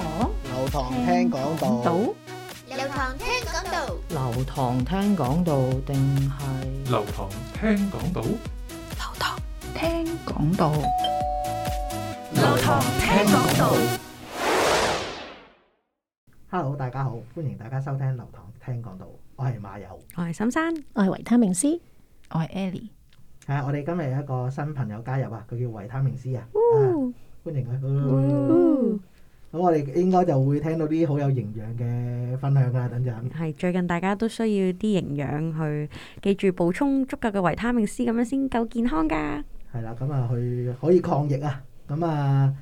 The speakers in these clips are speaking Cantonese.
流堂聽講道，流堂聽講道，流堂聽講道定係流堂聽講道，流堂聽講道，流堂聽講道。Hello，大家好，歡迎大家收聽流堂聽講道，我係馬友，我係森生，我係維他命 C，我係 Ellie。係啊，我哋今日有一個新朋友加入啊，佢叫維他命 C 啊，歡迎佢。咁我哋應該就會聽到啲好有營養嘅分享啦，等陣。係最近大家都需要啲營養去記住補充足夠嘅維他命 C，咁樣先夠健康㗎。係啦，咁啊去可以抗疫啊。咁啊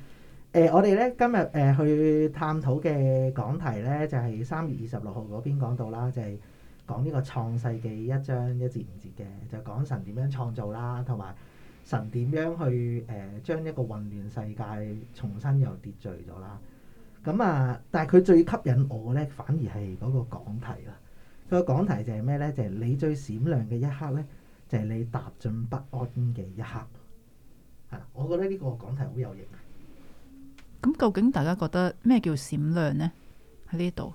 誒、呃，我哋咧今日誒、呃、去探討嘅講題咧，就係、是、三月二十六號嗰邊講到啦，就係、是、講呢個創世記一章一至五節嘅，就是、講神點樣創造啦，同埋神點樣去誒、呃、將一個混亂世界重新又秩序咗啦。咁啊、嗯！但係佢最吸引我呢，反而係嗰個講題啦。個講題就係咩呢？就係、是、你最閃亮嘅一刻呢，就係、是、你踏進不安嘅一刻、嗯。我覺得呢個講題好有型。咁究竟大家覺得咩叫閃亮呢？喺呢度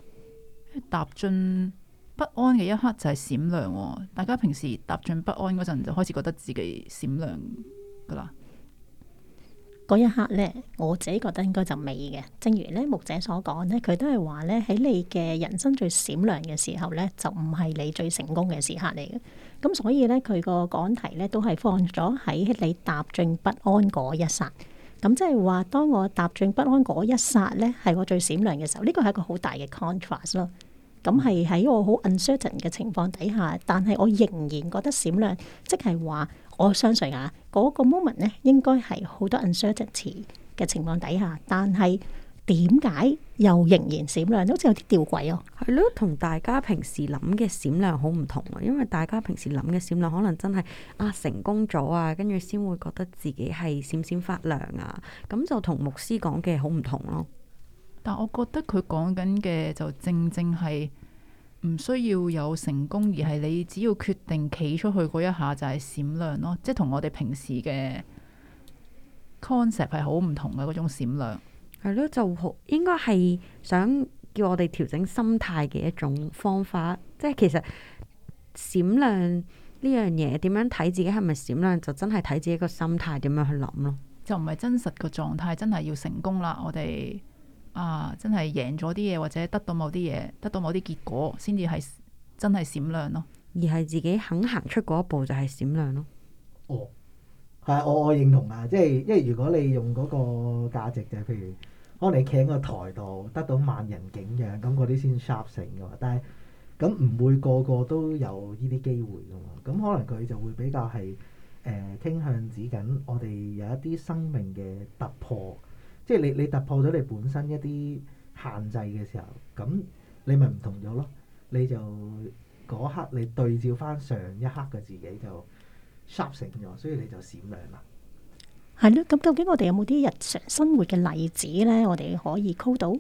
踏進不安嘅一刻就係閃亮、哦。大家平時踏進不安嗰陣，就開始覺得自己閃亮㗎喇。嗰一刻咧，我自己覺得應該就未嘅。正如咧牧者所講咧，佢都係話咧，喺你嘅人生最閃亮嘅時候咧，就唔係你最成功嘅時刻嚟嘅。咁、嗯、所以咧，佢個講題咧都係放咗喺你踏進不安嗰一剎。咁、嗯、即係話，當我踏進不安嗰一剎咧，係我最閃亮嘅時候。呢、這個係一個好大嘅 contrast 咯。咁係喺我好 uncertain 嘅情況底下，但係我仍然覺得閃亮，即係話。我相信啊，嗰、那個 moment 呢，應該係好多 insert 詞嘅情況底下，但係點解又仍然閃亮？好似有啲吊鬼哦。係咯，同大家平時諗嘅閃亮好唔同啊！因為大家平時諗嘅閃亮，可能真係啊成功咗啊，跟住先會覺得自己係閃閃發亮啊，咁就同牧師講嘅好唔同咯。但我覺得佢講緊嘅就正正係。唔需要有成功，而係你只要決定企出去嗰一下就係閃亮咯，即係同我哋平時嘅 concept 係好唔同嘅嗰種閃亮。係咯，就好應該係想叫我哋調整心態嘅一種方法，即係其實閃亮呢樣嘢，點樣睇自己係咪閃亮，就真係睇自己個心態點樣去諗咯。就唔係真實個狀態，真係要成功啦，我哋。啊！真係贏咗啲嘢，或者得到某啲嘢，得到某啲結果，先至係真係閃亮咯。而係自己肯行出嗰一步，就係、是、閃亮咯。哦，係我我認同啊！即係，即係如果你用嗰個價值就係、是，譬如可能你企喺個台度，得到萬人景仰，咁嗰啲先 shining 噶嘛。但係咁唔會個個都有呢啲機會噶嘛。咁可能佢就會比較係誒傾向指緊我哋有一啲生命嘅突破。即係你你突破咗你本身一啲限制嘅時候，咁你咪唔同咗咯？你就嗰刻你對照翻上一刻嘅自己就刷新咗，所以你就閃亮啦。係咯，咁究竟我哋有冇啲日常生活嘅例子咧？我哋可以 call 到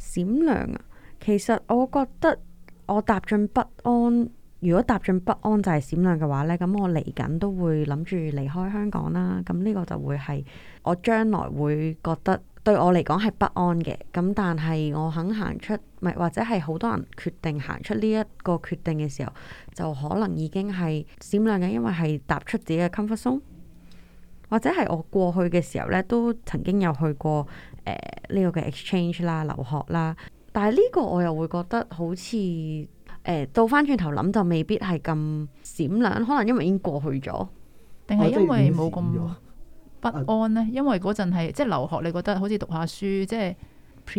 閃亮啊！其實我覺得我踏進不安。如果踏進不安就係閃亮嘅話呢，咁我嚟緊都會諗住離開香港啦。咁呢個就會係我將來會覺得對我嚟講係不安嘅。咁但係我肯行出，係或者係好多人決定行出呢一個決定嘅時候，就可能已經係閃亮嘅，因為係踏出自己嘅 comfort zone。或者係我過去嘅時候呢，都曾經有去過誒呢個嘅 exchange 啦、留學啦。但係呢個我又會覺得好似。誒、欸、倒翻轉頭諗就未必係咁閃亮，可能因為已經過去咗，定係因為冇咁不安呢？因為嗰陣係即係留學，你覺得好似讀下書，即、就、係、是、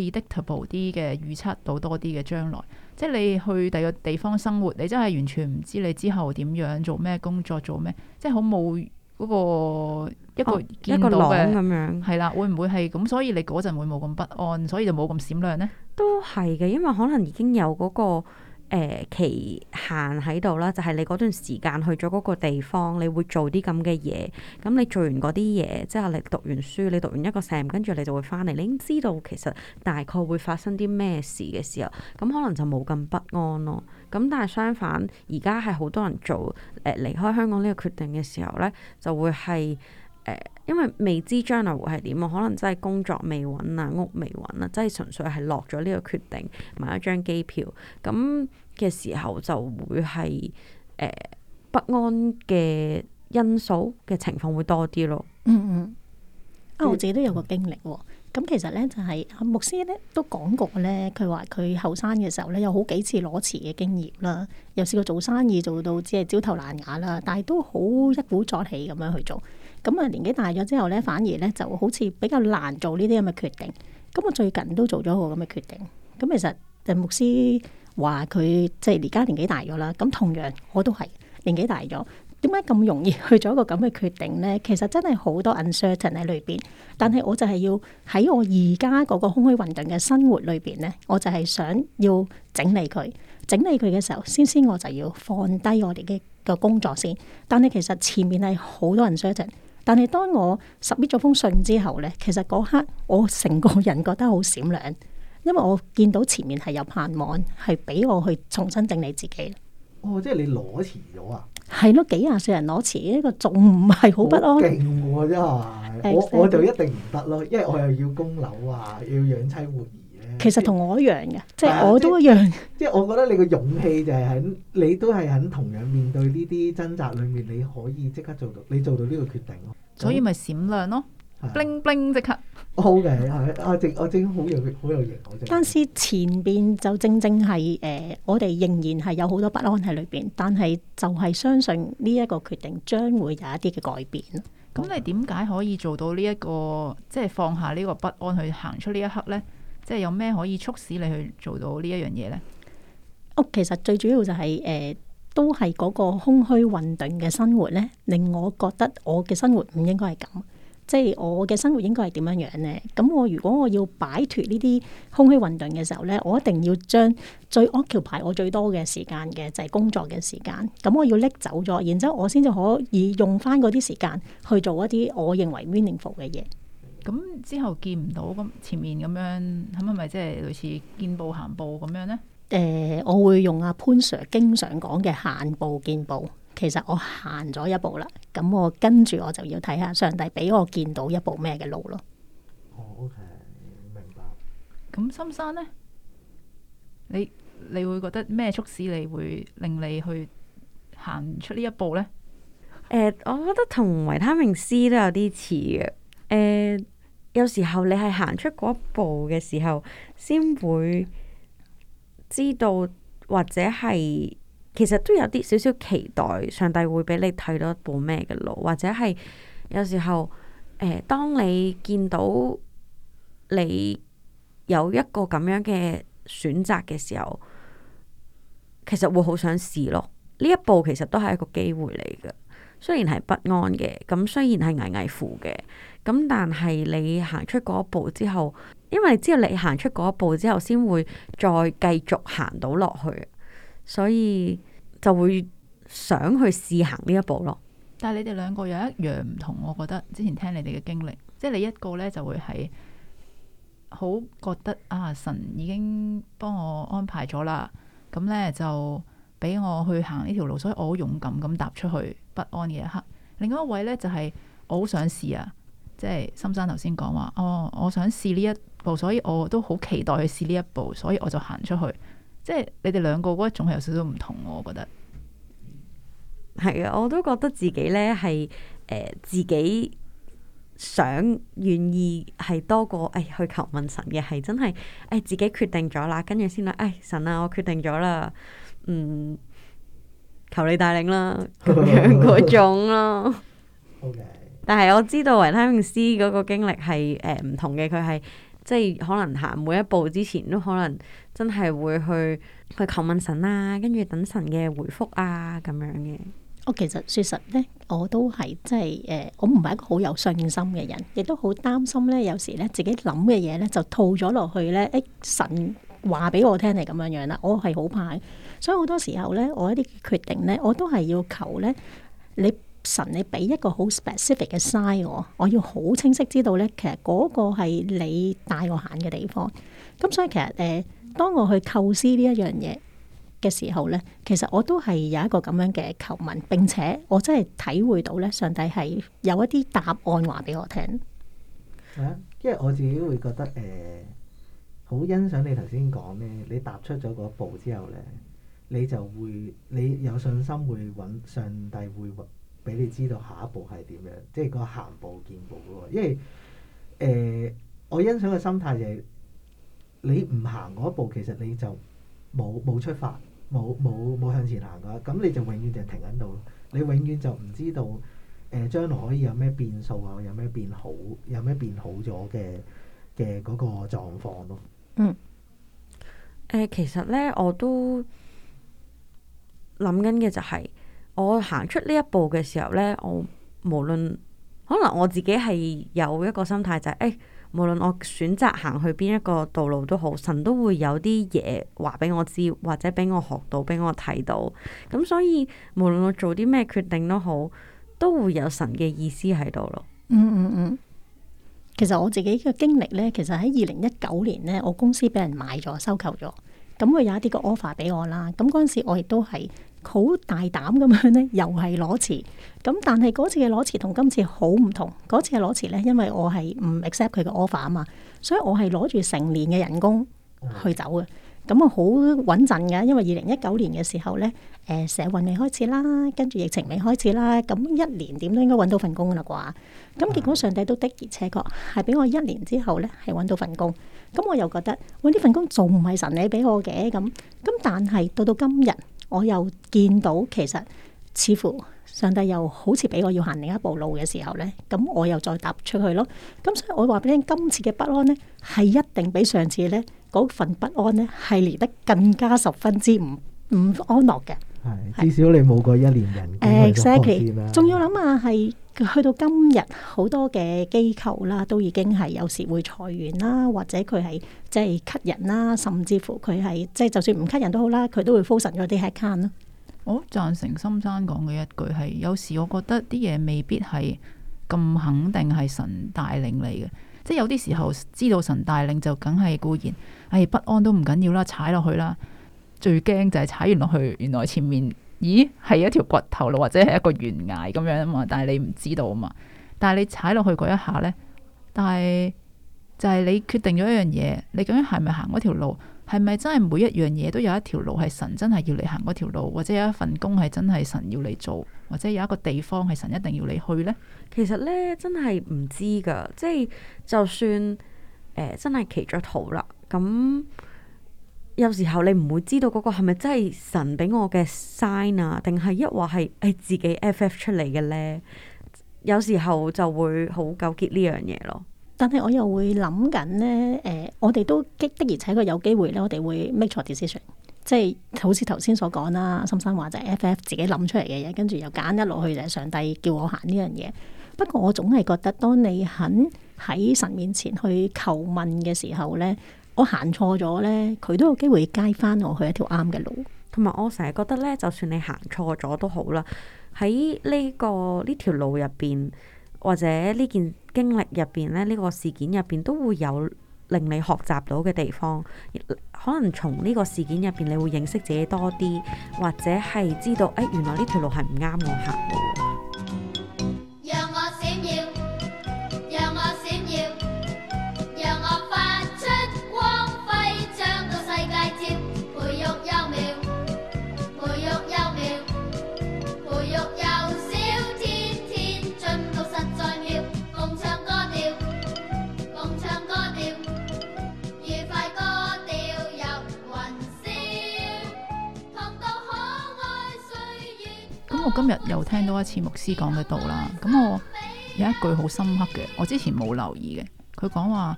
predictable 啲嘅預測到多啲嘅將來。即、就、係、是、你去第二個地方生活，你真係完全唔知你之後點樣做咩工作做，做咩即係好冇嗰個一個見到咁、啊、樣。係啦，會唔會係咁？所以你嗰陣會冇咁不安，所以就冇咁閃亮呢？都係嘅，因為可能已經有嗰、那個。誒、期限喺度啦，就係、是、你嗰段時間去咗嗰個地方，你會做啲咁嘅嘢。咁你做完嗰啲嘢之後，即係你讀完書，你讀完一個 semester，跟住你就會翻嚟。你已經知道其實大概會發生啲咩事嘅時候，咁可能就冇咁不安咯。咁但係相反，而家係好多人做誒、呃、離開香港呢個決定嘅時候咧，就會係誒。呃因為未知將來會係點可能真係工作未揾啊，屋未揾啊，真係純粹係落咗呢個決定買一張機票咁嘅時候就會係誒、呃、不安嘅因素嘅情況會多啲咯。嗯嗯，啊我自己都有個經歷喎。咁、啊嗯、其實咧就係牧師咧都講過咧，佢話佢後生嘅時候咧有好幾次裸辭嘅經驗啦，又試過做生意做到只係焦頭爛額啦，但係都好一鼓作氣咁樣去做。咁啊，年紀大咗之後咧，反而咧就好似比較難做呢啲咁嘅決定。咁我最近都做咗個咁嘅決定。咁其實誒牧師話佢即係而家年紀大咗啦。咁同樣我都係年紀大咗。點解咁容易去做一個咁嘅決定咧？其實真係好多 uncertainty 喺裏邊。但係我就係要喺我而家嗰個空虛混沌嘅生活裏邊咧，我就係想要整理佢。整理佢嘅時候，先先我就要放低我哋嘅個工作先。但係其實前面係好多 uncertainty。但係當我拾起咗封信之後咧，其實嗰刻我成個人覺得好閃亮，因為我見到前面係有盼望，係俾我去重新整理自己。哦，即係你裸辭咗啊？係咯，幾廿歲人裸辭，呢個仲唔係好不安？勁喎，真係！Exactly. 我我就一定唔得咯，因為我又要供樓啊，要養妻活。其實同我一樣嘅，啊、即係是我都一樣。即係我覺得你個勇氣就係喺你都係喺同樣面對呢啲掙扎裏面，你可以即刻做到，你做到呢個決定咯。所以咪閃亮咯 b l 即刻。好嘅、okay, 啊，我阿鄭阿好有好有型，我真但是前邊就正正係誒、呃，我哋仍然係有好多不安喺裏邊，但係就係相信呢一個決定將會有一啲嘅改變。咁你點解可以做到呢、這、一個即係、就是、放下呢個不安去行出呢一刻呢？即係有咩可以促使你去做到呢一樣嘢咧？哦，okay, 其實最主要就係、是、誒、呃，都係嗰個空虛混沌嘅生活咧，令我覺得我嘅生活唔應該係咁。即係我嘅生活應該係點樣樣咧？咁我如果我要擺脫呢啲空虛混沌嘅時候咧，我一定要將最 occupy 我最多嘅時間嘅就係、是、工作嘅時間。咁我要拎走咗，然之後我先至可以用翻嗰啲時間去做一啲我認為 meaningful 嘅嘢。咁之後見唔到咁前面咁樣，咁係咪即係類似見步行步咁樣呢？誒、欸，我會用阿潘 Sir 經常講嘅行步見步，其實我行咗一步啦，咁我跟住我就要睇下上帝俾我見到一步咩嘅路咯。哦，誒、okay，明白。咁深山呢，你你會覺得咩促使你會令你去行出呢一步呢？誒、欸，我覺得同維他命 C 都有啲似嘅，誒、欸。有時候你係行出嗰一步嘅時候，先會知道或者係其實都有啲少少期待上帝會俾你睇到一部咩嘅路，或者係有時候，誒，當你見到你有一個咁樣嘅選擇嘅時候，其實會好想試咯。呢一步其實都係一個機會嚟嘅，雖然係不安嘅，咁雖然係危危乎嘅。咁但係你行出嗰一步之後，因為知道你行出嗰一步之後，先會再繼續行到落去，所以就會想去試行呢一步咯。但係你哋兩個有一樣唔同，我覺得之前聽你哋嘅經歷，即係你一個呢就會係好覺得啊，神已經幫我安排咗啦，咁呢就俾我去行呢條路，所以我好勇敢咁踏出去不安嘅一刻。另外一位呢、就是，就係我好想試啊。即係深山頭先講話，哦，我想試呢一步，所以我都好期待去試呢一步，所以我就行出去。即係你哋兩個嗰一種係有少少唔同，我覺得係啊，我都覺得自己咧係誒自己想願意係多過誒去求問神嘅，係真係誒自己決定咗啦，跟住先啦，誒神啊，我決定咗啦，嗯，求你帶領啦，咁樣嗰種咯。 okay. 但係我知道維他命 C 嗰個經歷係誒唔同嘅，佢係即係可能行每一步之前都可能真係會去去求問神啦、啊，跟住等神嘅回復啊咁樣嘅。哦，其實說實咧，我都係即係誒，我唔係一個好有信心嘅人，亦都好擔心咧。有時咧，自己諗嘅嘢咧就套咗落去咧，誒神話俾我聽係咁樣樣啦，我係好怕。所以好多時候咧，我一啲決定咧，我都係要求咧你。神你俾一個好 specific 嘅 sign 我，我要好清晰知道咧。其實嗰個係你帶我行嘅地方。咁所以其實誒，當我去構思呢一樣嘢嘅時候咧，其實我都係有一個咁樣嘅求問。並且我真係體會到咧，上帝係有一啲答案話俾我聽。係啊，因為我自己會覺得誒，好、呃、欣賞你頭先講咧。你踏出咗嗰步之後咧，你就會你有信心會揾上帝會俾你知道下一步係點樣，即係個行步見步嘅。因為誒、呃，我欣賞嘅心態就係、是、你唔行嗰一步，其實你就冇冇出發，冇冇冇向前行嘅話，咁你就永遠就停喺度。你永遠就唔知道誒、呃、將來可以有咩變數啊，有咩變好，有咩變好咗嘅嘅嗰個狀況咯。嗯、呃。其實咧我都諗緊嘅就係、是。我行出呢一步嘅時候咧，我無論可能我自己係有一個心態就係、是，誒、哎，無論我選擇行去邊一個道路都好，神都會有啲嘢話俾我知，或者俾我學到，俾我睇到。咁所以無論我做啲咩決定都好，都會有神嘅意思喺度咯。嗯嗯嗯。其實我自己嘅經歷咧，其實喺二零一九年咧，我公司俾人買咗收購咗，咁佢有一啲嘅 offer 俾我啦。咁嗰陣時我亦都係。好大膽咁樣咧，又係裸辭。咁但係嗰次嘅裸辭同今次好唔同。嗰次嘅裸辭咧，因為我係唔 accept 佢嘅 offer 啊嘛，所以我係攞住成年嘅人工去走嘅。咁啊好穩陣㗎，因為二零一九年嘅時候咧，誒，社運未開始啦，跟住疫情未開始啦，咁一年點都應該揾到份工啦啩。咁結果上帝都的而且確，係俾我一年之後咧係揾到份工。咁我又覺得，哇呢份工仲唔係神嚟俾我嘅咁。咁但係到到今日。我又見到其實似乎上帝又好似俾我要行另一步路嘅時候咧，咁我又再踏出去咯。咁所以我話俾你聽，今次嘅不安咧，係一定比上次咧嗰份不安咧，係嚟得更加十分之唔唔安樂嘅。至少你冇過一年人咁樣嘅擴展啦。仲的、exactly, 要諗下，係去到今日，好多嘅機構啦，都已經係有時會裁員啦，或者佢係即係 cut 人啦，甚至乎佢係即係就算唔 cut 人都好啦，佢都會 furl 神咗啲 account 咯。我、哦、贊成深山講嘅一句係，有時我覺得啲嘢未必係咁肯定係神帶領嚟嘅，即係有啲時候知道神帶領就梗係固然，哎不安都唔緊要啦，踩落去啦。最驚就係踩完落去，原來前面咦係一條骨頭路，或者係一個懸崖咁樣啊嘛，但係你唔知道啊嘛。但係你踩落去嗰一下呢，但係就係你決定咗一樣嘢，你究竟係咪行嗰條路？係咪真係每一樣嘢都有一條路係神真係要你行嗰條路，或者有一份工係真係神要你做，或者有一個地方係神一定要你去呢？其實呢，真係唔知噶，即係就算，呃，真係祈咗禱啦，咁。有時候你唔會知道嗰個係咪真係神俾我嘅 sign 啊，定係抑或係自己 ff 出嚟嘅呢？有時候就會好糾結呢樣嘢咯。但係我又會諗緊呢，誒、呃，我哋都的而且確有機會咧，我哋會 make 錯 decision，即係好似頭先所講啦，深心話就係 ff 自己諗出嚟嘅嘢，跟住又揀一路去就係上帝叫我行呢樣嘢。不過我總係覺得，當你肯喺神面前去求問嘅時候呢。我行錯咗呢，佢都有機會 guide 翻我去一條啱嘅路。同埋我成日覺得呢，就算你行錯咗都好啦，喺呢個呢條路入邊，或者呢件經歷入邊呢，呢個事件入邊都會有令你學習到嘅地方。可能從呢個事件入邊，你會認識自己多啲，或者係知道，哎，原來呢條路係唔啱我行。今日又聽到一次牧師講嘅道啦，咁我有一句好深刻嘅，我之前冇留意嘅。佢講話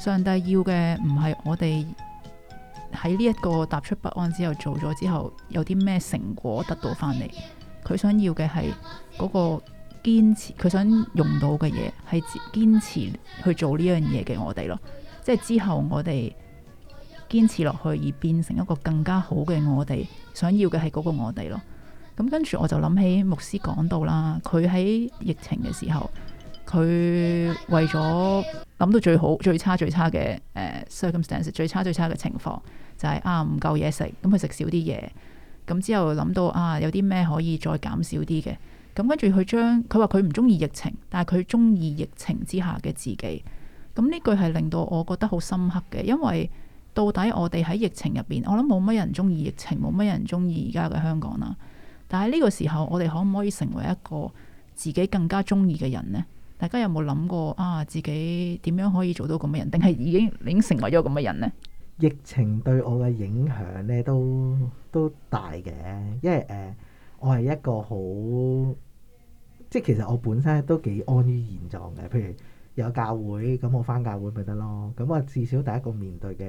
上帝要嘅唔係我哋喺呢一個踏出不安之後做咗之後有啲咩成果得到翻嚟，佢想要嘅係嗰個堅持，佢想用到嘅嘢係堅持去做呢樣嘢嘅我哋咯，即係之後我哋堅持落去而變成一個更加好嘅我哋，想要嘅係嗰個我哋咯。咁跟住我就諗起牧師講到啦，佢喺疫情嘅時候，佢為咗諗到最好最差最差嘅誒 circumstance，最差最差嘅情況就係、是、啊唔夠嘢食，咁佢食少啲嘢。咁之後諗到啊，有啲咩可以再減少啲嘅。咁跟住佢將佢話佢唔中意疫情，但係佢中意疫情之下嘅自己。咁呢句係令到我覺得好深刻嘅，因為到底我哋喺疫情入邊，我諗冇乜人中意疫情，冇乜人中意而家嘅香港啦。但係呢個時候，我哋可唔可以成為一個自己更加中意嘅人呢？大家有冇諗過啊？自己點樣可以做到咁嘅人，定係已經已經成為咗咁嘅人呢？疫情對我嘅影響咧，都都大嘅，因為誒、呃，我係一個好，即係其實我本身都幾安於現狀嘅。譬如有教會，咁我返教會咪得咯。咁我至少第一個面對嘅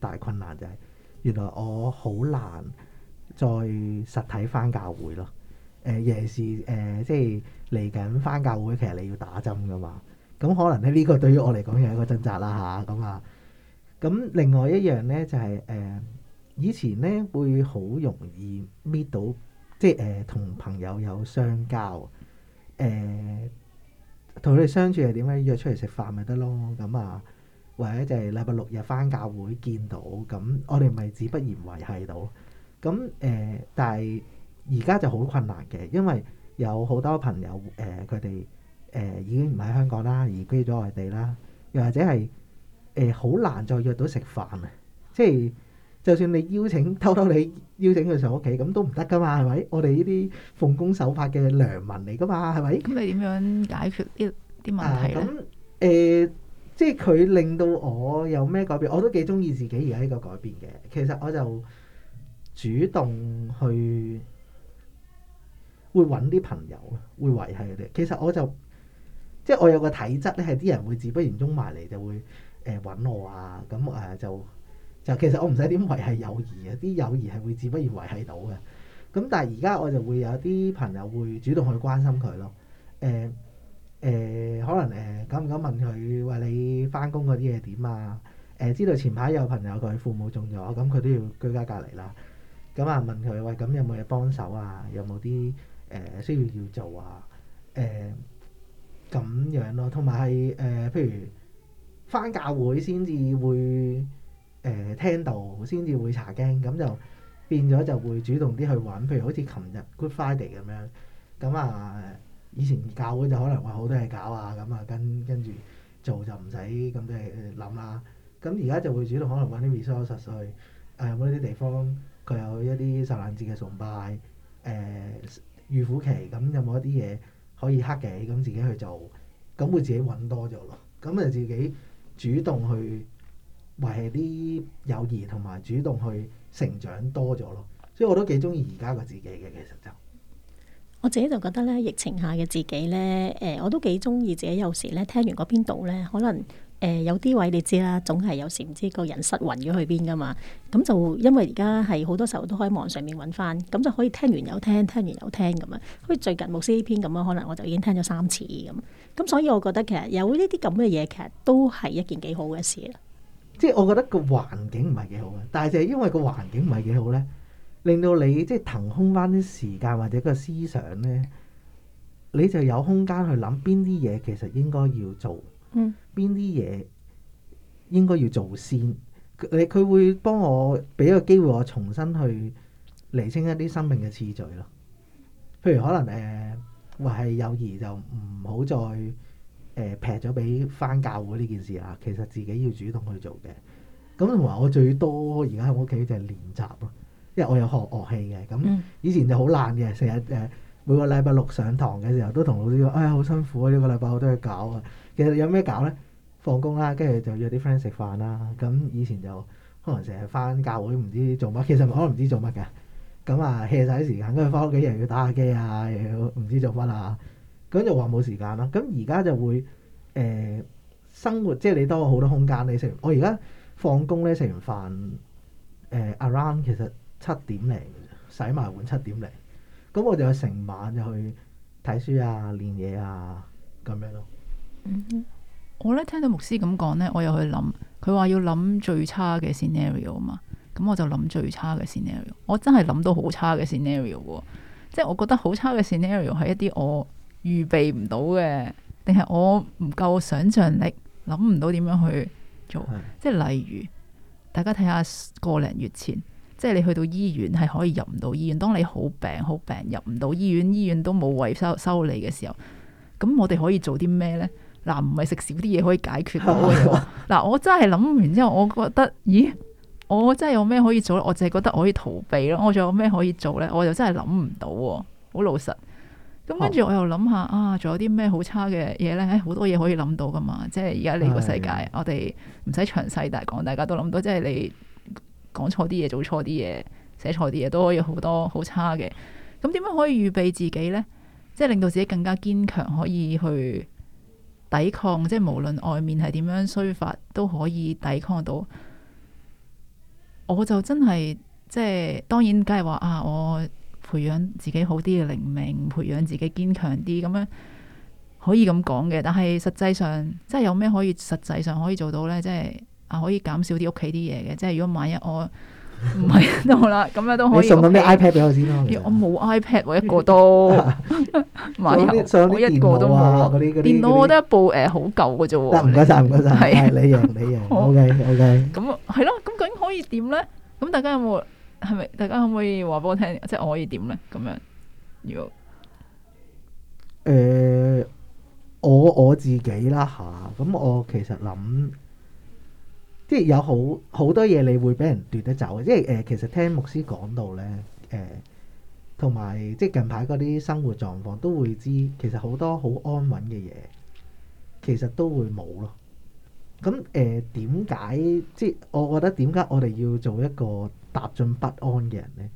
大困難就係、是，原來我好難。再實體翻教會咯、呃，誒夜市誒即係嚟緊翻教會，其實你要打針噶嘛，咁可能咧呢、呢個對於我嚟講又係一個掙扎啦吓，咁啊。咁、啊啊啊、另外一樣呢，就係、是、誒、啊、以前呢會好容易搣到，即係誒同朋友有相交誒同佢哋相處係點呢？約出嚟食飯咪得咯，咁啊，啊，啊或者就係禮拜六日翻教會見到，咁、啊啊啊嗯、我哋咪自不言維繫到。咁誒、呃，但係而家就好困難嘅，因為有好多朋友誒，佢哋誒已經唔喺香港啦，移居咗外地啦，又或者係誒好難再約到食飯啊，即係就算你邀請偷偷你邀請佢上屋企，咁都唔得㗎嘛，係咪？我哋呢啲奉公守法嘅良民嚟㗎嘛，係咪？咁你點樣解決呢啲問題咧？咁誒、啊呃，即係佢令到我有咩改變？我都幾鍾意自己而家呢個改變嘅。其實我就～主動去會揾啲朋友，會維繫佢哋。其實我就即係、就是、我有個體質咧，係啲人會自不然中埋嚟，就會揾、欸、我啊。咁、嗯、誒、嗯嗯、就就其實我唔使點維繫友誼嘅，啲友誼係會自不然維繫到嘅。咁、嗯、但係而家我就會有啲朋友會主動去關心佢咯。誒、欸欸、可能誒、呃、敢唔敢問佢話你翻工嗰啲嘢點啊？欸，知道前排有朋友佢父母中咗，咁、嗯、佢都要居家隔離啦。咁啊，問佢喂，咁有冇嘢幫手啊？有冇啲誒需要要做啊？誒、呃、咁樣咯，同埋係誒，譬如返教會先至會誒、呃、聽道，先至會查經，咁就變咗就會主動啲去揾。譬如好似琴日 Good Friday 咁樣，咁啊以前教會就可能話好多嘢搞啊，咁啊跟跟住做就唔使咁多嘢諗啦。咁而家就會主動可能揾啲 resource 去誒，有冇呢啲地方？佢有一啲受難節嘅崇拜，誒預苦期，咁有冇一啲嘢可以克己？咁自己去做，咁會自己揾多咗咯。咁咪自己主動去維係啲友誼同埋主動去成長多咗咯。所以我都幾中意而家嘅自己嘅，其實就～我自己就覺得咧，疫情下嘅自己咧，誒、呃，我都幾中意自己有時咧聽完嗰邊度咧，可能誒、呃、有啲位你知啦，總係有時唔知個人失魂咗去邊噶嘛。咁就因為而家係好多時候都可以網上面揾翻，咁就可以聽完又聽，聽完又聽咁啊。所以最近牧師呢篇咁樣，可能我就已經聽咗三次咁。咁所以我覺得其實有呢啲咁嘅嘢，其實都係一件幾好嘅事啦。即係我覺得個環境唔係幾好啊，但係就係因為個環境唔係幾好咧。令到你即係騰空翻啲時間或者個思想咧，你就有空間去諗邊啲嘢其實應該要做，邊啲嘢應該要做先。佢會幫我俾一個機會我重新去釐清一啲生命嘅次序咯。譬如可能誒話係友誼就唔好再、呃、劈咗俾翻教會呢件事啦。其實自己要主動去做嘅。咁同埋我最多而家喺屋企就練習咯。因為我有學樂器嘅，咁以前就好難嘅，成日誒每個禮拜六上堂嘅時候都同老師講，哎呀好辛苦啊，呢個禮拜好多嘢搞啊。其實有咩搞呢？放工啦，跟住就約啲 friend 食飯啦。咁以前就可能成日翻教會，唔知做乜，其實可能唔知做乜嘅。咁啊 hea 曬啲時間，跟住翻屋企又要打下機啊，又要唔知做乜啊，咁就話冇時間咯。咁而家就會誒、呃、生活，即係你多咗好多空間。你食我而家放工呢，食完飯誒、呃、around 其實。七點嚟，洗埋碗七點嚟，咁我就去成晚就去睇書啊、練嘢啊咁樣咯。嗯、我咧聽到牧師咁講咧，我又去諗，佢話要諗最差嘅 scenario 啊嘛，咁我就諗最差嘅 scenario。我真係諗到好差嘅 scenario 喎，即係我覺得好差嘅 scenario 係一啲我預備唔到嘅，定係我唔夠想象力諗唔到點樣去做。是即係例如，大家睇下一個零月前。即係你去到醫院係可以入唔到醫院，當你好病好病入唔到醫院，醫院都冇位收收你嘅時候，咁我哋可以做啲咩咧？嗱，唔係食少啲嘢，可以解決到嘅。嗱， 我真係諗完之後，我覺得，咦，我真係有咩可以做咧？我淨係覺得我可以逃避咯。我仲有咩可以做咧？我又真係諗唔到，啊，好老實。咁跟住我又諗下 啊，仲有啲咩好差嘅嘢咧？哎，好多嘢可以諗到噶嘛。即係而家呢個世界，的我哋唔使詳細大講，大家都諗到。即係你。講錯啲嘢，做錯啲嘢，寫錯啲嘢，都可以好多好差嘅。咁點樣可以預備自己呢？即係令到自己更加堅強，可以去抵抗。即係無論外面係點樣衰法，都可以抵抗到。我就真係即係，當然梗係話啊！我培養自己好啲嘅靈命，培養自己堅強啲，咁樣可以咁講嘅。但係實際上，即係有咩可以實際上可以做到呢？即係。啊，可以減少啲屋企啲嘢嘅，即係如果萬一我唔係都好啦，咁樣都可以。你送咗咩 iPad 俾我先啦？我冇 iPad 喎，一個都冇。送啲送啲電腦啊！電腦我得一部誒好舊㗎啫喎。得唔該晒，唔該晒。你用，你用 O K O K。咁係咯，咁究竟可以點咧？咁大家有冇？係咪大家可唔可以話俾我聽？即係我可以點咧？咁樣要誒我我自己啦吓。咁我其實諗。即係有好好多嘢，你會俾人奪得走。即係誒、呃，其實聽牧師講到咧，誒同埋即係近排嗰啲生活狀況都會知，其實好多好安穩嘅嘢，其實都會冇咯。咁誒點解？即係我覺得點解我哋要做一個踏進不安嘅人咧？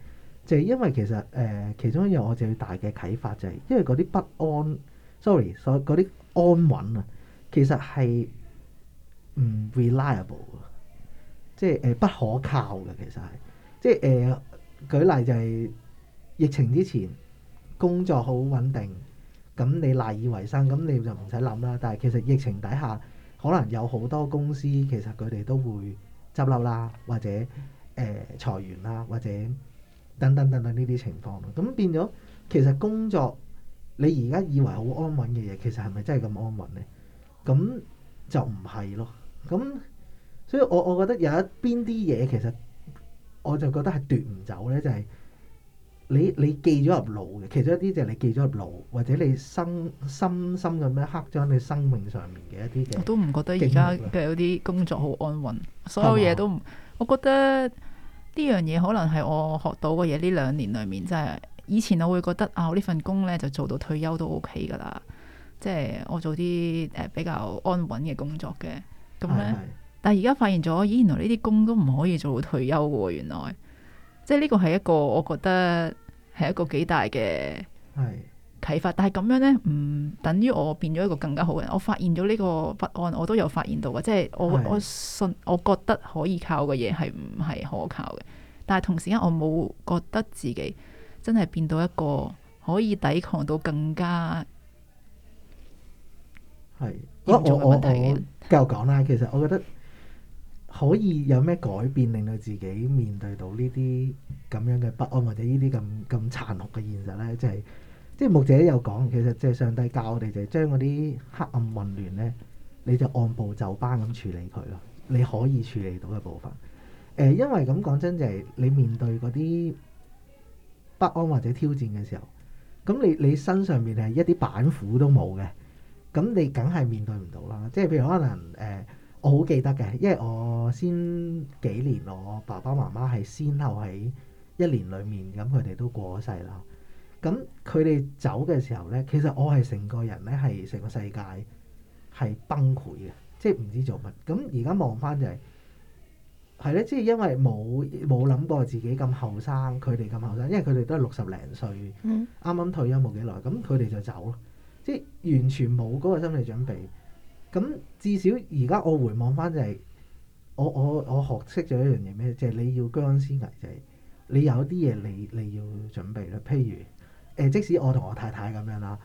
就係、是、因為其實誒、呃、其中一樣我最大嘅啟發就係、是，因為嗰啲不安，sorry，所以嗰啲安穩啊，其實係。唔 reliable，即係誒不可靠嘅，其實係即係誒、呃、舉例就係、是、疫情之前工作好穩定，咁你賴以為生，咁你就唔使諗啦。但係其實疫情底下，可能有好多公司其實佢哋都會執笠啦，或者誒、呃、裁員啦，或者等等等等呢啲情況。咁變咗，其實工作你而家以為好安穩嘅嘢，其實係咪真係咁安穩呢？咁就唔係咯。咁，所以我我覺得有一邊啲嘢其實我就覺得係奪唔走咧，就係、是、你你記咗入腦嘅，其中一啲就係你記咗入腦，或者你深深深咁樣刻咗喺你生命上面嘅一啲嘢。我都唔覺得而家嘅有啲工作好安穩， 所有嘢都，唔。我覺得呢樣嘢可能係我學到嘅嘢呢兩年裡面即係，就是、以前我會覺得啊，我呢份工咧就做到退休都 OK 㗎啦，即、就、係、是、我做啲誒比較安穩嘅工作嘅。咁咧，是是但係而家發現咗，咦？原來呢啲工都唔可以做退休喎，原來。即係呢個係一個，我覺得係一個幾大嘅啟發。是是但係咁樣咧，唔等於我變咗一個更加好嘅人。我發現咗呢個不安，我都有發現到嘅。即係我是是我信，我覺得可以靠嘅嘢係唔係可靠嘅。但係同時間，我冇覺得自己真係變到一個可以抵抗到更加係嚴重嘅問題嘅是是。繼續講啦，其實我覺得可以有咩改變令到自己面對到呢啲咁樣嘅不安或者呢啲咁咁殘酷嘅現實呢？即係即係牧者有講，其實即係上帝教我哋就係將嗰啲黑暗混亂呢，你就按部就班咁處理佢咯。你可以處理到嘅部分，誒、呃，因為咁講真就係、是、你面對嗰啲不安或者挑戰嘅時候，咁你你身上面係一啲板斧都冇嘅。咁你梗係面對唔到啦，即係譬如可能誒、呃，我好記得嘅，因為我先幾年我爸爸媽媽係先後喺一年裡面，咁佢哋都過咗世啦。咁佢哋走嘅時候呢，其實我係成個人呢，係成個世界係崩潰嘅，即係唔知做乜。咁而家望翻就係係咧，即係、就是、因為冇冇諗過自己咁後生，佢哋咁後生，因為佢哋都係六十零歲，啱啱、嗯、退休冇幾耐，咁佢哋就走咯。即完全冇嗰個心理準備，咁至少而家我回望翻就係，我我我學識咗一樣嘢咩？即係你要居安思危就係你有啲嘢你你要準備啦。譬如誒、呃，即使我同我太太咁樣啦，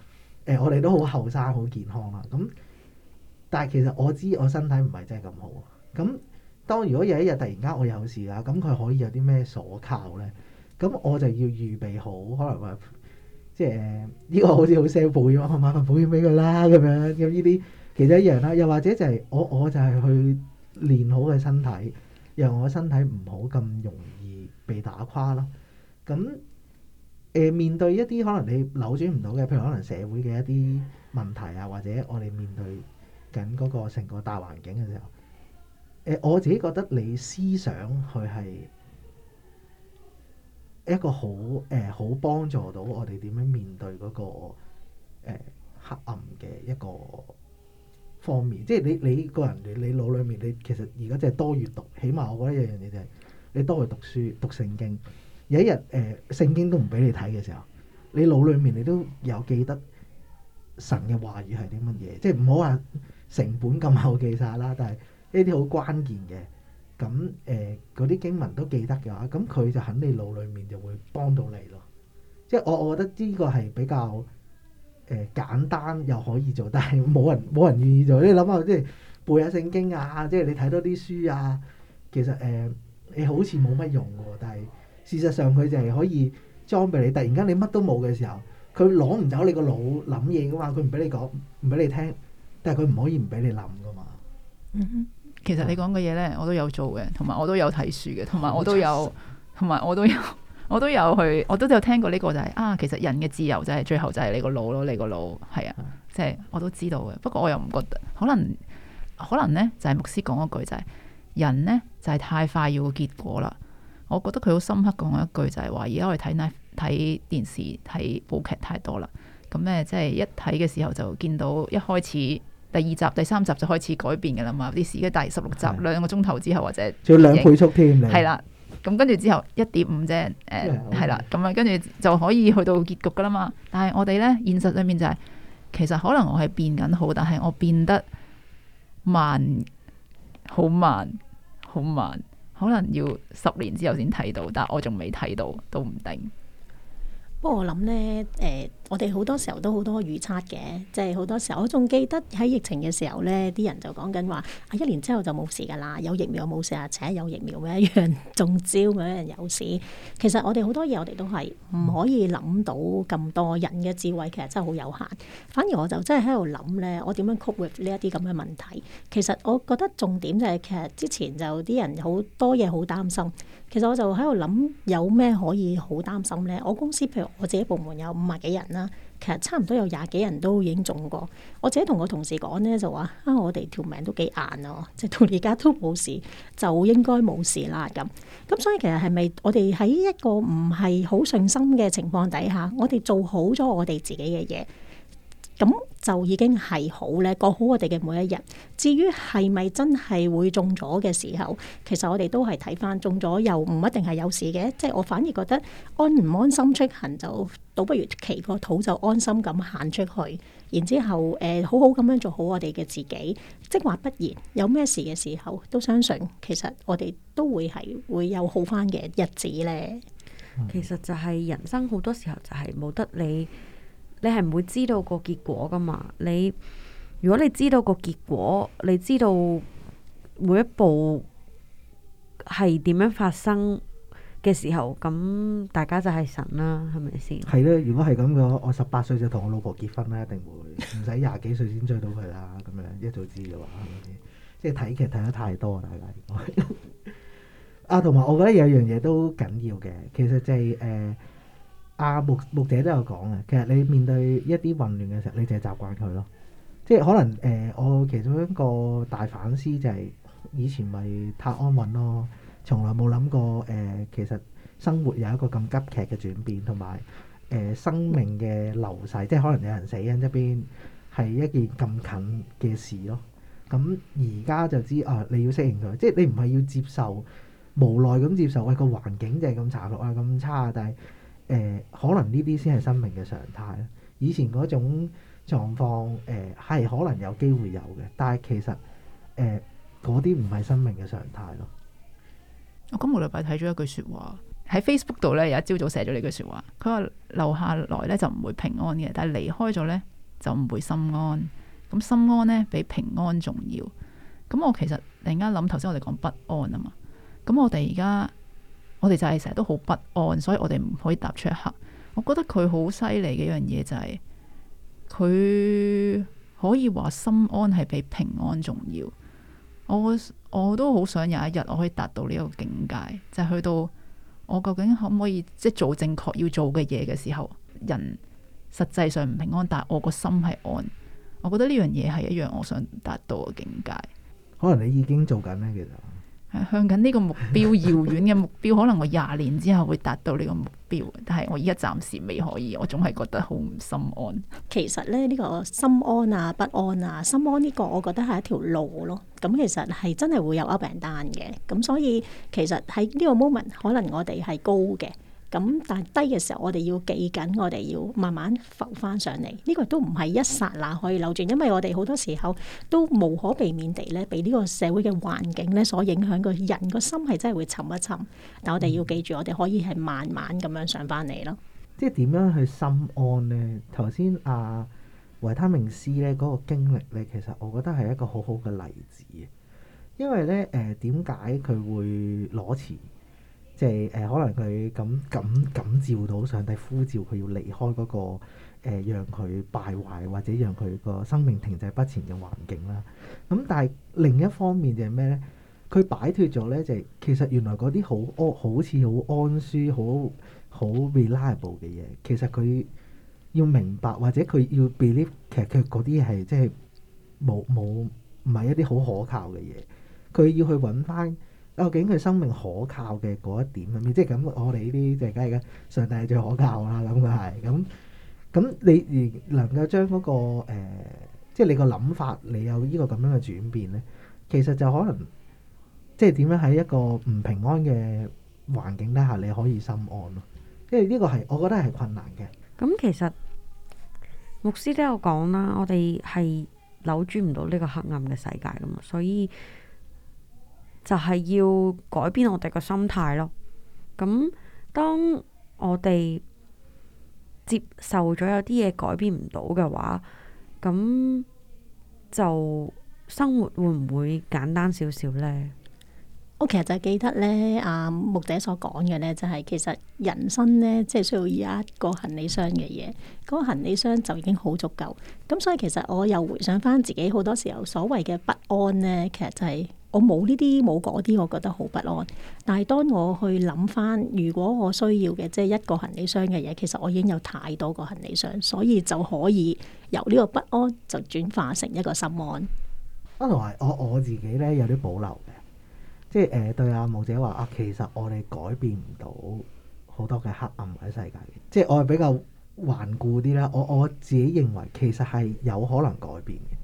誒、呃、我哋都好後生，好健康啦。咁但係其實我知我身體唔係真係咁好。咁當如果有一日突然間我有事啦，咁佢可以有啲咩所靠呢？咁我就要預備好，可能話。即係呢、呢個好似好 sell 保險，我買份保險俾佢啦咁樣。咁呢啲其實一樣啦。又或者就係我，我就係去練好嘅身體，讓我嘅身體唔好咁容易被打垮咯。咁誒、呃、面對一啲可能你扭轉唔到嘅，譬如可能社會嘅一啲問題啊，或者我哋面對緊嗰個成個大環境嘅時候、呃，我自己覺得你思想佢係。一個好誒好幫助到我哋點樣面對嗰個誒黑暗嘅一個方面，即係你你個人你你腦裡面你其實而家即係多閱讀，起碼我覺得一樣嘢就係你多去讀書、讀聖經。有一日誒聖經都唔俾你睇嘅時候，你腦裡面你都有記得神嘅話語係啲乜嘢，即係唔好話成本咁厚記晒啦，但係呢啲好關鍵嘅。咁誒嗰啲經文都記得嘅話，咁佢就喺你腦裏面就會幫到你咯。即係我我覺得呢個係比較誒、呃、簡單又可以做，但係冇人冇人願意做。你係諗下即係背下聖經啊，即、就、係、是、你睇多啲書啊，其實誒、呃、你好似冇乜用嘅喎。但係事實上佢就係可以裝備你。突然間你乜都冇嘅時候，佢攞唔走你個腦諗嘢嘅嘛。佢唔俾你講，唔俾你聽，但係佢唔可以唔俾你諗嘅嘛。嗯哼。其實你講嘅嘢咧，我都有做嘅，同埋我都有睇書嘅，同埋我都有，同埋我都有，我都有去，我都有聽過呢個就係、是、啊，其實人嘅自由就係最後就係你個腦咯，你個腦係啊，即係、就是、我都知道嘅。不過我又唔覺得，可能可能咧就係、是、牧師講嗰句就係、是、人咧就係、是、太快要個結果啦。我覺得佢好深刻講一句就係、是、話，而家我哋睇睇電視睇部劇太多啦，咁咧即係一睇嘅時候就見到一開始。第二集、第三集就開始改變㗎啦嘛，啲事。跟住第十六集兩個鐘頭之後或者，仲要兩倍速添。係啦，咁跟住之後一點五啫，誒係啦，咁啊 Yeah, okay. 跟住就可以去到結局㗎啦嘛。但係我哋呢，現實裏面就係、是，其實可能我係變緊好，但係我變得慢，好慢，好慢，可能要十年之後先睇到，但我仲未睇到，都唔定。不過我諗咧，誒、呃，我哋好多時候都好多預測嘅，即係好多時候，我仲記得喺疫情嘅時候咧，啲人就講緊話：啊，一年之後就冇事㗎啦，有疫苗冇事啊，且有疫苗嘅一樣中招，嘅一樣有事。其實我哋好多嘢，我哋都係唔可以諗到咁多。人嘅智慧其實真係好有限。反而我就真係喺度諗咧，我點樣 cope with 呢一啲咁嘅問題？其實我覺得重點就係、是、其實之前就啲人好多嘢好擔心。其實我就喺度諗有咩可以好擔心咧？我公司譬如我自己部門有五啊幾人啦，其實差唔多有廿幾人都已經中過。我自己同我同事講咧就話啊，我哋條命都幾硬咯，即到而家都冇事，就應該冇事啦咁。咁所以其實係咪我哋喺一個唔係好信心嘅情況底下，我哋做好咗我哋自己嘅嘢咁？就已經係好咧，過好我哋嘅每一日。至於係咪真係會中咗嘅時候，其實我哋都係睇翻中咗又唔一定係有事嘅。即係我反而覺得安唔安心出行，就倒不如祈個禱就安心咁行出去。然之後誒、呃，好好咁樣做好我哋嘅自己。即話不然，有咩事嘅時候都相信，其實我哋都會係會有好翻嘅日子咧。嗯、其實就係人生好多時候就係冇得你。你係唔會知道個結果㗎嘛？你如果你知道個結果，你知道每一步係點樣發生嘅時候，咁大家就係神啦，係咪先？係咧，如果係咁嘅話，我十八歲就同我老婆結婚啦，一定會唔使廿幾歲先追到佢啦。咁 樣一早知嘅話，即係睇劇睇得太多啦，係咪？啊，同埋我覺得有樣嘢都緊要嘅，其實就係、係、誒。呃阿木木姐都有講嘅，其實你面對一啲混亂嘅時候，你就係習慣佢咯。即係可能誒、呃，我其中一個大反思就係以前咪太安穩咯，從來冇諗過誒、呃，其實生活有一個咁急劇嘅轉變，同埋誒生命嘅流逝，即係可能有人死喺一邊，係一件咁近嘅事咯。咁而家就知啊，你要適應佢，即係你唔係要接受無奈咁接受，喂、哎、個環境就係咁殘酷啊，咁差，但係。誒、呃，可能呢啲先係生命嘅常態咯。以前嗰種狀況，誒、呃、係可能有機會有嘅，但係其實誒嗰啲唔係生命嘅常態咯。我今個禮拜睇咗一句說話喺 Facebook 度咧，有一朝早寫咗呢句說話。佢話留下來咧就唔會平安嘅，但係離開咗咧就唔會心安。咁心安咧比平安重要。咁我其實突然間諗，頭先我哋講不安啊嘛。咁我哋而家。我哋就係成日都好不安，所以我哋唔可以踏出一刻。我覺得佢好犀利嘅一樣嘢就係、係，佢可以話心安係比平安重要。我我都好想有一日我可以達到呢個境界，就係、去到我究竟可唔可以即係、就係、做正確要做嘅嘢嘅時候，人實際上唔平安，但係我個心係安。我覺得呢樣嘢係一樣，我想達到嘅境界。可能你已經做緊咧，其實。向緊呢個目標遙遠嘅目標，可能我廿年之後會達到呢個目標，但係我依家暫時未可以，我總係覺得好唔心安。其實咧，呢、這個心安啊、不安啊、心安呢個，我覺得係一條路咯。咁其實係真係會有 up and down 嘅。咁所以其實喺呢個 moment，可能我哋係高嘅。咁但係低嘅時候，我哋要記緊，我哋要慢慢浮翻上嚟。呢個都唔係一剎那可以扭轉，因為我哋好多時候都無可避免地咧，被呢個社會嘅環境咧所影響，個人個心，係真係會沉一沉。但我哋要記住，我哋可以係慢慢咁樣上翻嚟咯。嗯、即係點樣去心安呢？頭先阿維他命 C 咧嗰個經歷咧，其實我覺得係一個好好嘅例子，因為咧誒點解佢會攞詞？即係誒，可能佢感感感召到上帝呼召佢要離開嗰、那個誒、呃，讓佢敗壞或者讓佢個生命停滯不前嘅環境啦。咁、嗯、但係另一方面就係咩咧？佢擺脫咗咧，就係、是、其實原來嗰啲好安好，好似好安舒、好好 reliable 嘅嘢，其實佢要明白或者佢要 believe，其實嗰啲係即係冇冇唔係一啲好可靠嘅嘢。佢要去揾翻。究竟佢生命可靠嘅嗰一點，咁即係咁，我哋呢啲即係梗係啦。上帝係最可靠啦，咁佢係咁。咁你而能夠將嗰個，呃，即係你個諗法，你有呢個咁樣嘅轉變咧，其實就可能即係點樣喺一個唔平安嘅環境底下，你可以心安咯。因為呢個係我覺得係困難嘅。咁其實牧師都有講啦，我哋係扭轉唔到呢個黑暗嘅世界㗎嘛，所以。就係要改變我哋個心態咯。咁當我哋接受咗有啲嘢改變唔到嘅話，咁就生活會唔會簡單少少呢？我其實就記得咧，阿木姐所講嘅咧，就係其實人生咧，即係需要一個行李箱嘅嘢，嗰個行李箱就已經好足夠。咁所以其實我又回想翻自己好多時候所謂嘅不安咧，其實就係。我冇呢啲，冇嗰啲，我覺得好不安。但係當我去諗翻，如果我需要嘅，即係一個行李箱嘅嘢，其實我已經有太多個行李箱，所以就可以由呢個不安就轉化成一個心安。阿龍，我我自己咧有啲保留嘅，即係誒、呃、對阿、啊、無姐話啊，其實我哋改變唔到好多嘅黑暗喺世界嘅，即係我係比較頑固啲啦。我我自己認為其實係有可能改變嘅。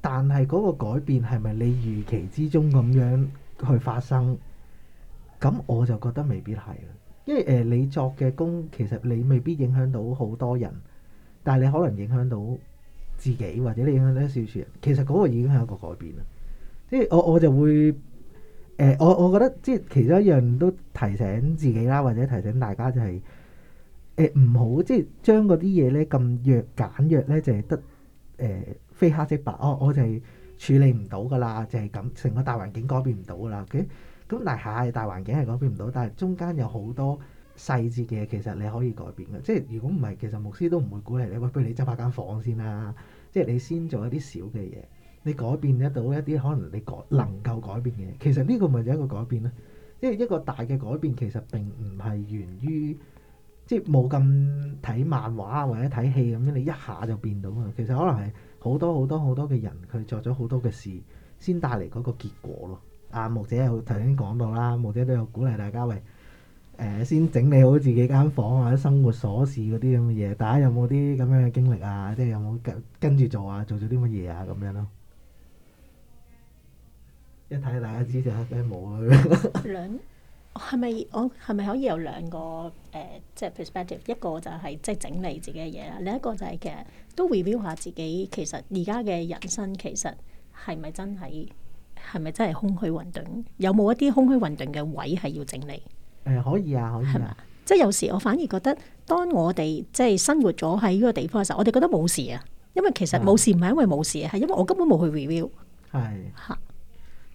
但係嗰個改變係咪你預期之中咁樣去發生？咁我就覺得未必係啦，因為誒、呃、你作嘅工其實你未必影響到好多人，但係你可能影響到自己或者你影響到少少，其實嗰個已經係一個改變啦。即、就、係、是、我我就會誒、呃，我我覺得即係、就是、其中一樣都提醒自己啦，或者提醒大家就係誒唔好即係將嗰啲嘢咧咁弱簡弱咧，就係、是就是、得誒。呃非黑即白哦，我就係處理唔到㗎啦，就係咁成個大環境改變唔到㗎啦嘅咁。但係嚇，大環境係改變唔到，但係中間有好多細節嘅嘢，其實你可以改變嘅。即係如果唔係，其實牧師都唔會鼓勵你。喂，不如你執下間房先啦，即係你先做一啲小嘅嘢，你改變得到一啲可能你改能夠改變嘅嘢。其實呢個咪就一個改變囉，即係一個大嘅改變其實並唔係源於即係冇咁睇漫畫或者睇戲咁樣，你一下就變到啊。其實可能係。好多好多好多嘅人，佢做咗好多嘅事，先帶嚟嗰個結果咯。阿、啊、木姐又頭先講到啦，木姐都有鼓勵大家，喂，誒、呃，先整理好自己間房或者生活瑣事嗰啲咁嘅嘢。大家有冇啲咁樣嘅經歷啊？即係有冇跟跟住做啊？做咗啲乜嘢啊？咁樣咯。一睇大家知道啦，梗係冇。係咪我係咪可以有兩個誒、呃，即係 perspective？一個就係即係整理自己嘅嘢，另一個就係其實都 review 下自己。其實而家嘅人生其實係咪真係係咪真係空虛混沌？有冇一啲空虛混沌嘅位係要整理？誒、呃，可以啊，可以啊。係吧、啊、即係有時我反而覺得，當我哋即係生活咗喺呢個地方嘅時候，我哋覺得冇事啊。因為其實冇事唔係因為冇事，係的因為我根本冇去 review 的。係。嚇！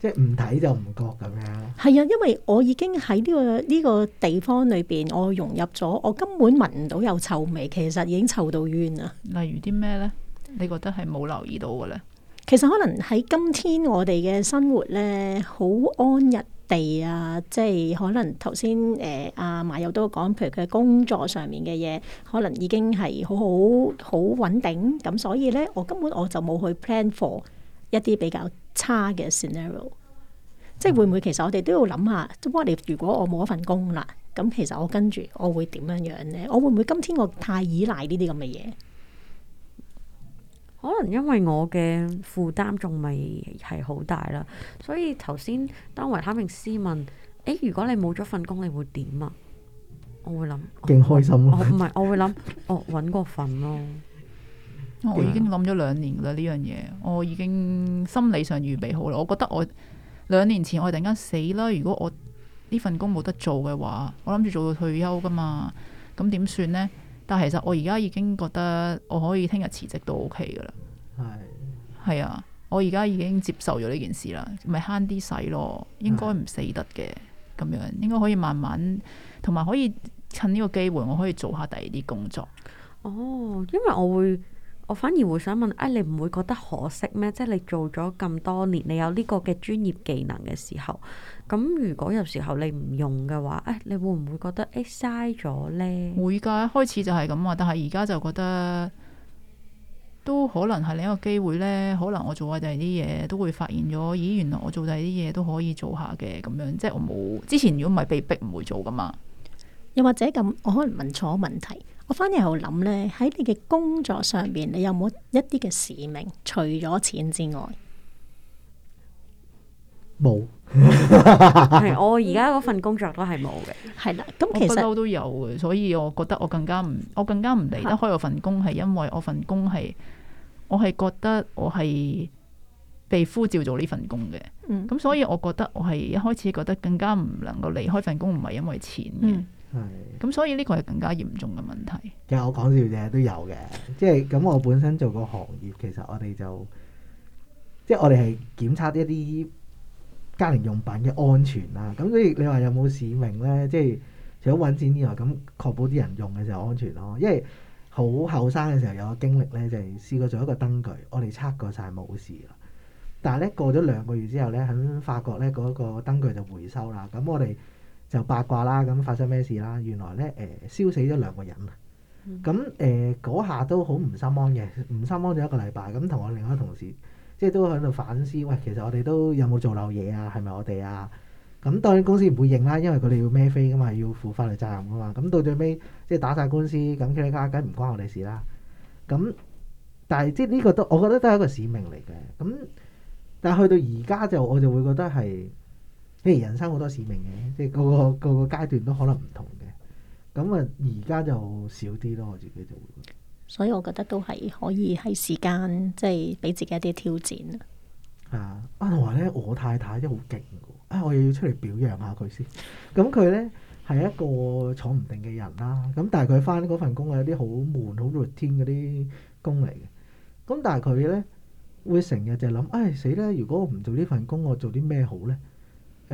即唔睇就唔覺咁樣、啊。係啊，因為我已經喺呢個呢個地方裏邊，我融入咗，我根本聞唔到有臭味，其實已經臭到冤啊！例如啲咩咧？你覺得係冇留意到嘅咧？其實可能喺今天我哋嘅生活咧，好安逸地啊，即係可能頭先誒阿馬友都講，譬如佢工作上面嘅嘢，可能已經係好好好穩定，咁所以咧，我根本我就冇去 plan for 一啲比較差嘅 scenario，即係會唔會？其實我哋都要諗下，我哋如果我冇一份工啦，咁其實我跟住我會點樣樣咧？我會唔會今天我太依賴呢啲咁嘅嘢？可能因為我嘅負擔仲未係好大啦，所以頭先當維他命斯問：誒、欸，如果你冇咗份工，你會點啊？我會諗，勁開心咯！唔係， 我會諗，我、哦、搵個份咯。我已經諗咗兩年啦呢樣嘢，我已經心理上預備好啦。我覺得我兩年前我突然間死啦，如果我呢份工冇得做嘅話，我諗住做到退休噶嘛，咁點算呢？但係其實我而家已經覺得我可以聽日辭職都 OK 噶啦。係係是啊，我而家已經接受咗呢件事啦，咪慳啲使咯，應該唔死得嘅，咁是樣應該可以慢慢，同埋可以趁呢個機會，我可以做下第二啲工作。哦，因為我會。我反而會想問，哎，你唔會覺得可惜咩？即係你做咗咁多年，你有呢個嘅專業技能嘅時候，咁如果有時候你唔用嘅話，哎，你會唔會覺得誒嘥咗呢？會㗎，一開始就係咁啊，但係而家就覺得都可能係另一個機會呢。可能我做嘅第啲嘢，都會發現咗，咦，原來我做第啲嘢都可以做下嘅咁樣。即係我冇之前，如果唔係被逼，唔會做噶嘛。又或者咁，我可能問錯問題。我反而係諗咧，喺你嘅工作上面，你有冇一啲嘅使命？除咗錢之外，冇沒有。 係我而家嗰份工作都係冇嘅。係啦，咁其實都有嘅。所以我覺得我更加唔，我更加唔離得開我份工，係的因為我份工係我係覺得我係被呼召做呢份工嘅。咁、嗯、所以我覺得我係一開始覺得更加唔能夠離開份工，唔係因為錢嘅。嗯係，咁所以呢個係更加嚴重嘅問題。其實我講笑嘅都有嘅，即係咁我本身做個行業，其實我哋就即係我哋係檢測一啲家庭用品嘅安全啦。咁所以你話有冇使命呢？即係除咗揾錢以外，咁確保啲人用嘅時候安全咯。因為好後生嘅時候有個經歷呢，就係、是、試過做一個燈具，我哋測過晒冇事。但係呢，過咗兩個月之後呢，喺法國呢嗰、那個燈具就回收啦。咁我哋。就八卦啦，咁發生咩事啦？原來呢，誒、呃、燒死咗兩個人啊！咁誒嗰下都好唔心安嘅，唔心安咗一個禮拜。咁同我另外一個同事，即係都喺度反思，喂，其實我哋都有冇做漏嘢啊？係咪我哋啊？咁當然公司唔會認啦，因為佢哋要孭飛噶嘛，要負法律責任噶嘛。咁到最尾即係打晒官司，咁 KPI 梗係唔關我哋事啦。咁但係即係呢個都，我覺得都係一個使命嚟嘅。咁但係去到而家就我就會覺得係。譬如、hey，人生好多使命嘅，即係個個個個階段都可能唔同嘅。咁啊，而家就少啲咯。我自己就會所以，我覺得都係可以喺時間即係俾自己一啲挑戰啊。啊，同埋咧，我太太都好勁嘅啊！我又要出嚟表揚下佢先。咁佢咧係一個坐唔定嘅人啦。咁、啊、但係佢返嗰份工係一啲好悶、好 routine 嗰啲工嚟嘅。咁、啊、但係佢咧會成日就諗：唉、哎，死啦！如果我唔做呢份工，我做啲咩好咧？誒，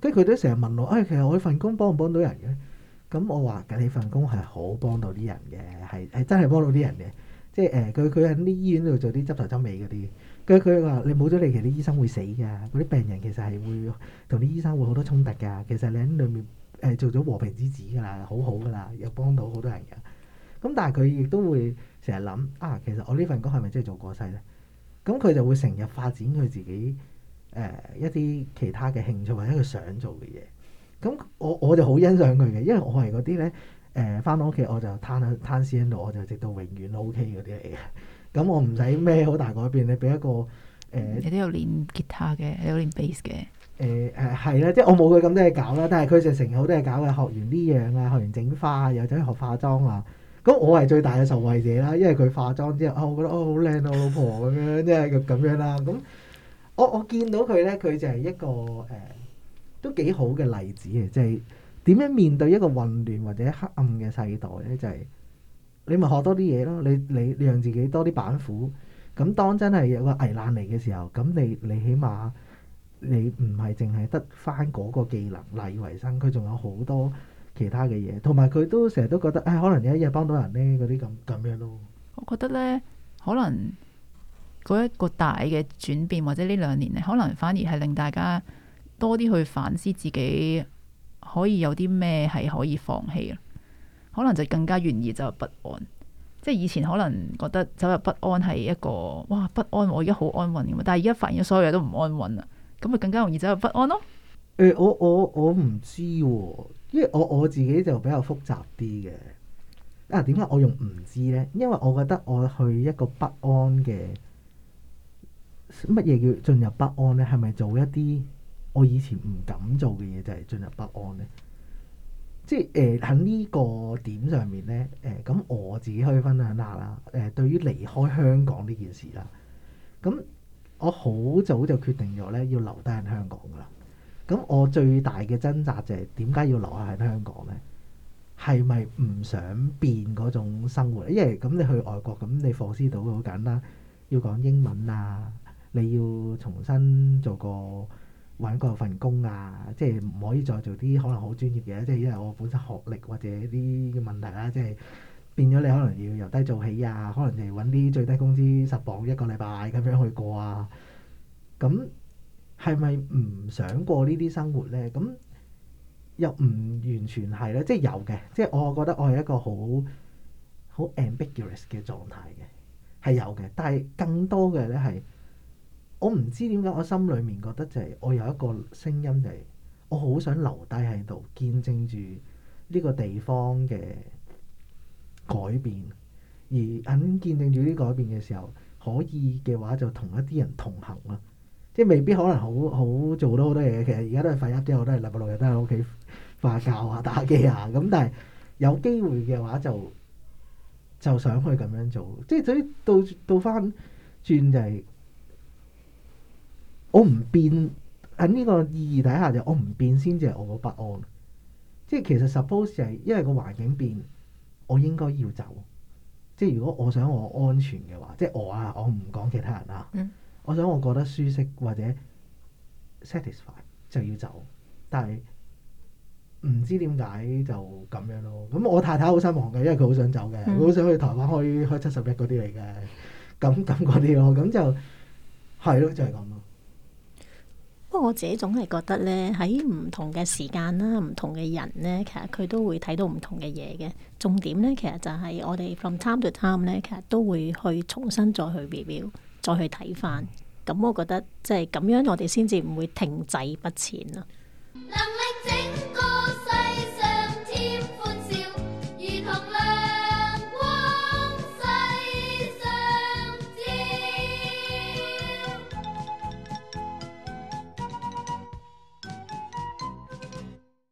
跟住佢、嗯、都成日問我，誒、哎，其實我份工幫唔幫到人嘅？咁、嗯、我話你份工係好幫到啲人嘅，係係真係幫到啲人嘅。即係誒，佢佢喺啲醫院度做啲執頭執尾嗰啲。佢佢話你冇咗你，其實啲醫生會死㗎。嗰啲病人其實係會同啲醫生會好多衝突㗎。其實你喺裏面誒做咗和平之子㗎啦，好好㗎啦，又幫到好多人㗎。咁、嗯、但係佢亦都會成日諗啊，其實我呢份工係咪真係做過世咧？咁、嗯、佢就會成日發展佢自己。誒、呃、一啲其他嘅興趣或者佢想做嘅嘢，咁我我就好欣賞佢嘅，因為我係嗰啲咧誒返到屋企我就攤攤屍喺度，我就直到永遠 OK 嗰啲嚟嘅。咁、哎、我唔使咩好大改變你俾一個誒、呃嗯。你都有練吉他嘅，你有練 bass 嘅。誒誒係啦，即係我冇佢咁多嘢搞啦，但係佢就成日好多嘢搞嘅，學完呢樣啊，學完整花又走去學化妝啊。咁我係最大嘅受惠者啦，因為佢化妝之後啊，我覺得哦，好靚啊，我老婆咁 樣即係咁樣啦咁。我我見到佢呢，佢就係一個誒、呃，都幾好嘅例子啊！就係、是、點樣面對一個混亂或者黑暗嘅世代呢？就係、是、你咪學多啲嘢咯，你你，你讓自己多啲板斧，咁當真係有個危難嚟嘅時候，咁你你起碼你唔係淨係得返嗰個技能嚟維生，佢仲有好多其他嘅嘢，同埋佢都成日都覺得，誒、哎、可能有一日幫到人呢嗰啲咁咁樣咯。我覺得呢，可能。嗰一個大嘅轉變，或者呢兩年咧，可能反而係令大家多啲去反思自己可以有啲咩係可以放棄咯。可能就更加願意走入不安。即係以前可能覺得走入不安係一個哇不安，我而家好安穩啊，但係而家發現所有嘢都唔安穩啦，咁咪更加容易走入不安咯。誒、欸，我我我唔知喎、啊，因為我我自己就比較複雜啲嘅。啊，點解我用唔知咧？因為我覺得我去一個不安嘅。乜嘢叫進入不安呢？係咪做一啲我以前唔敢做嘅嘢，就係、是、進入不安呢？即係誒，喺、呃、呢個點上面呢，誒、呃、咁我自己可以分享下啦。誒、呃，對於離開香港呢件事啦，咁我好早就決定咗呢，要留低喺香港噶啦。咁我最大嘅掙扎就係點解要留下喺香港呢？係咪唔想變嗰種生活？因為咁你去外國咁，你考試到好簡單，要講英文啊。你要重新做個揾個份工啊，即係唔可以再做啲可能好專業嘅，即係因為我本身學歷或者啲嘅問題啦、啊，即係變咗你可能要由低做起啊，可能就係揾啲最低工資十磅一個禮拜咁樣去過啊。咁係咪唔想過呢啲生活呢？咁又唔完全係咧，即係有嘅，即係我覺得我係一個好好 ambiguous 嘅狀態嘅，係有嘅，但係更多嘅咧係。我唔知點解，我心裏面覺得就係我有一個聲音就係，我好想留低喺度，見證住呢個地方嘅改變，而肯見證住呢改變嘅時候，可以嘅話就同一啲人同行啦、啊。即係未必可能好好做到好多嘢，其實而家都係廢一啲，我都係禮拜六日都喺屋企發酵啊、打機啊。咁但係有機會嘅話就就想去咁樣做，即係所以到倒翻轉就係、是。我唔變，喺呢個意義底下就我唔變先至係我嘅不安。即係其實 suppose 係因為個環境變，我應該要走。即係如果我想我安全嘅話，即係我啊，我唔講其他人啊。嗯、我想我覺得舒適或者 satisfy 就要走，但係唔知點解就咁樣咯。咁我太太好失望嘅，因為佢好想走嘅，佢好、嗯、想去台灣開開七十日嗰啲嚟嘅。咁咁嗰啲咯，咁就係咯，就係、是、咁。我自己總係覺得咧，喺唔同嘅時間啦，唔同嘅人咧，其實佢都會睇到唔同嘅嘢嘅。重點咧，其實就係我哋 from time to time 咧，其實都會去重新再去 review，再去睇翻。咁我覺得即係咁樣，我哋先至唔會停滯不前咯。